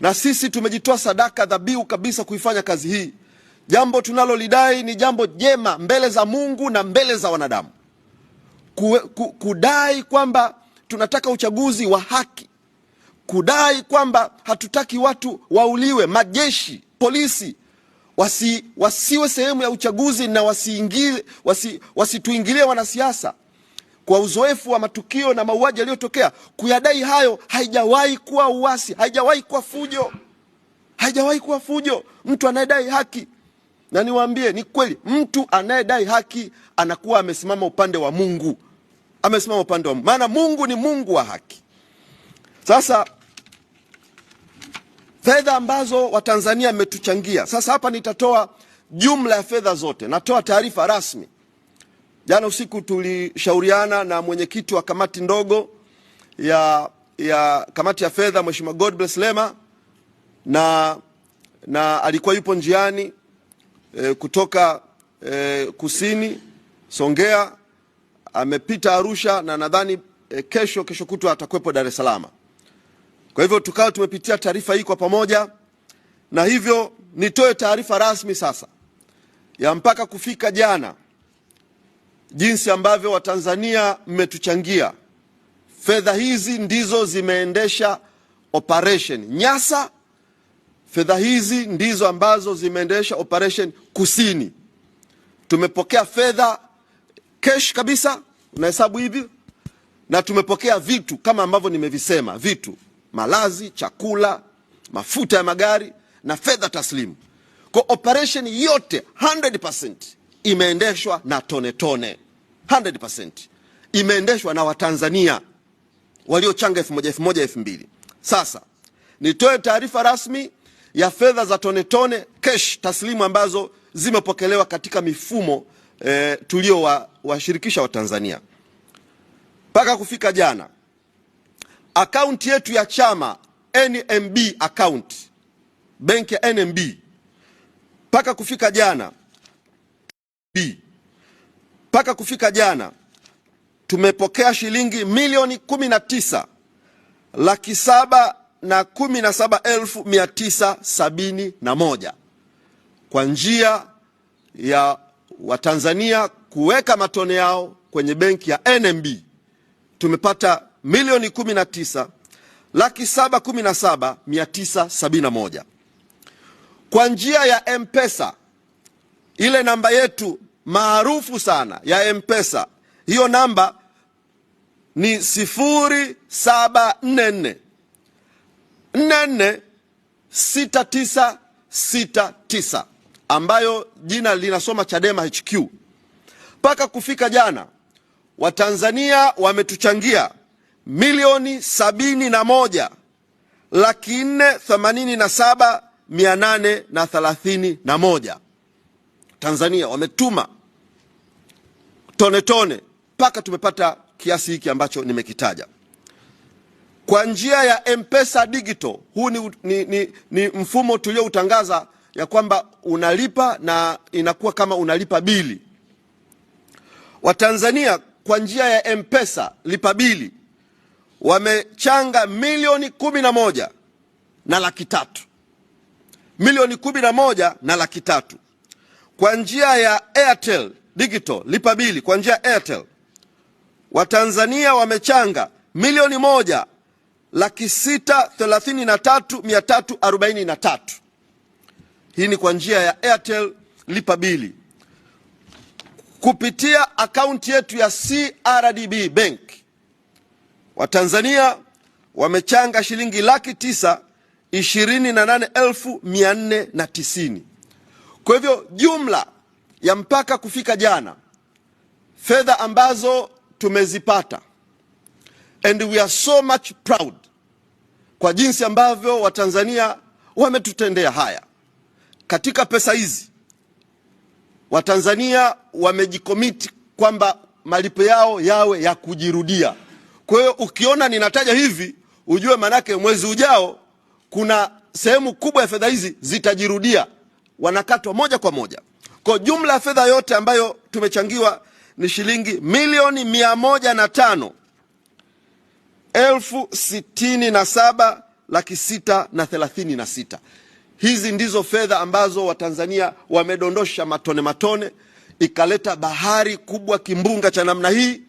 na sisi tumejitoa sadaka dhabihu kabisa kuifanya kazi hii. Jambo tunalolidai ni jambo jema mbele za Mungu na mbele za wanadamu, kudai kwamba tunataka uchaguzi wa haki, kudai kwamba hatutaki watu wauliwe, majeshi, polisi wasi, wasiwe sehemu ya uchaguzi na wasituingilie wasi, wanasiasa kwa uzoefu wa matukio na mauaji yaliyotokea, kuyadai hayo haijawahi kuwa uasi, haijawahi kuwa fujo, haijawahi kuwa fujo. Mtu anayedai haki, na niwaambie ni kweli, mtu anayedai haki anakuwa amesimama upande wa Mungu, amesimama upande wa Mungu, maana, Mungu ni Mungu wa haki. Sasa fedha ambazo Watanzania mmetuchangia, sasa hapa nitatoa jumla ya fedha zote, natoa taarifa rasmi Jana usiku tulishauriana na mwenyekiti wa kamati ndogo ya, ya kamati ya fedha Mheshimiwa God bless Lema na, na alikuwa yupo njiani e, kutoka e, kusini Songea amepita Arusha na nadhani e, kesho kesho kutwa atakwepo Dar es Salaam. Kwa hivyo tukawa tumepitia taarifa hii kwa pamoja, na hivyo nitoe taarifa rasmi sasa ya mpaka kufika jana jinsi ambavyo Watanzania mmetuchangia. Fedha hizi ndizo zimeendesha operation Nyasa, fedha hizi ndizo ambazo zimeendesha operation Kusini. Tumepokea fedha cash kabisa, unahesabu hivi, na tumepokea vitu kama ambavyo nimevisema, vitu, malazi, chakula, mafuta ya magari na fedha taslimu kwa operation yote imeendeshwa na tonetone 100%, imeendeshwa na Watanzania waliochanga elfu moja elfu moja elfu mbili. Sasa nitoe taarifa rasmi ya fedha za tonetone cash taslimu ambazo zimepokelewa katika mifumo e, tulio wa Watanzania mpaka kufika jana. Akaunti yetu ya chama NMB account benki ya NMB mpaka kufika jana B. Mpaka kufika jana tumepokea shilingi milioni kumi na tisa laki saba na kumi na saba elfu mia tisa sabini na moja kwa njia ya Watanzania kuweka matone yao kwenye benki ya NMB. Tumepata milioni kumi na tisa laki saba kumi na saba mia tisa sabini na moja kwa njia ya Mpesa ile namba yetu maarufu sana ya Mpesa. Hiyo namba ni tisa sita tisa ambayo jina linasoma Chadema HQ. Mpaka kufika jana Watanzania wametuchangia milioni sabini na moja laki nne themanini na saba mia nane na thelathini na moja Tanzania wametuma tone tone mpaka tumepata kiasi hiki ambacho nimekitaja. Kwa njia ya Mpesa Digital, huu ni, ni, ni, ni mfumo tulioutangaza ya kwamba unalipa na inakuwa kama unalipa bili. Watanzania kwa njia ya Mpesa lipa bili wamechanga milioni kumi na moja na laki tatu milioni kumi na moja na laki tatu kwa njia ya Airtel digital, lipa bili kwa njia ya Airtel. Watanzania wamechanga milioni moja laki sita thelathini na tatu mia tatu arobaini na tatu. Hii ni kwa njia ya Airtel lipa bili kupitia akaunti yetu ya CRDB Bank. Watanzania wamechanga shilingi laki tisa ishirini na nane elfu mia nne na tisini. Kwa hivyo jumla ya mpaka kufika jana, fedha ambazo tumezipata and we are so much proud kwa jinsi ambavyo Watanzania wametutendea haya. Katika pesa hizi Watanzania wamejikomiti kwamba malipo yao yawe ya kujirudia. Kwa hiyo ukiona ninataja hivi, ujue maanake mwezi ujao kuna sehemu kubwa ya fedha hizi zitajirudia, wanakatwa moja kwa moja. Kwa jumla ya fedha yote ambayo tumechangiwa ni shilingi milioni mia moja na tano elfu sitini na saba laki sita na thelathini na sita. Hizi ndizo fedha ambazo Watanzania wamedondosha matone matone, ikaleta bahari kubwa, kimbunga cha namna hii